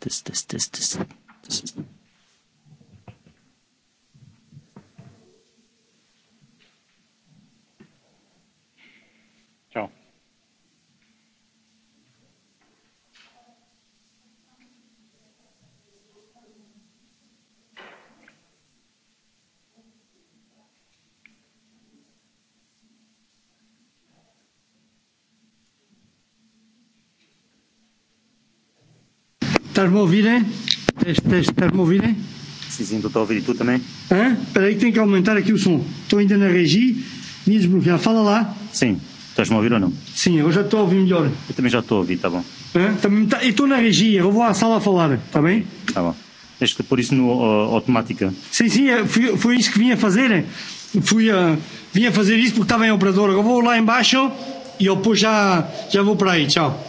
Τι, τι, τι, τι, τι, Estás-me Estás-me a ouvir, hein? Sim, sim, estou a ouvir tu também? Hã? Espera aí que tenho que aumentar aqui o som. Estou ainda na regi, me desbloquear. Fala lá. Sim. Estás-me a ouvir ou não? Sim, eu já estou a ouvir melhor. Eu também já estou a ouvir, está bom. Hã? Também tá... Eu estou na regia, eu vou à sala a falar, está bem? Está bom. Tens que pôr isso no uh, automática. Sim, sim, fui, foi isso que vim a fazer. Fui a, vim a fazer isso porque estava em operador. Eu vou lá embaixo e depois já, já vou para aí. Tchau.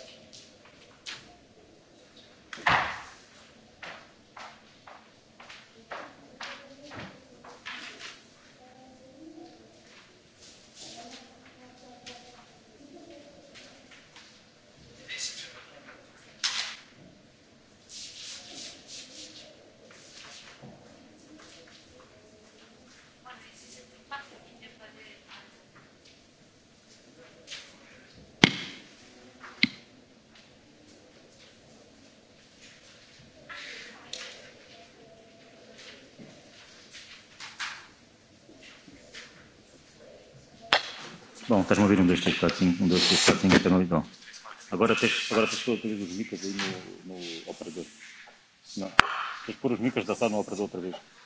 Estás a ouvir? Um, dois, três, quatro, cinco. Um, dois, três, quatro, cinco. não Agora tens, agora que pôr os micas aí no, no operador. Não. Tens que pôr os micas da sala no operador outra vez.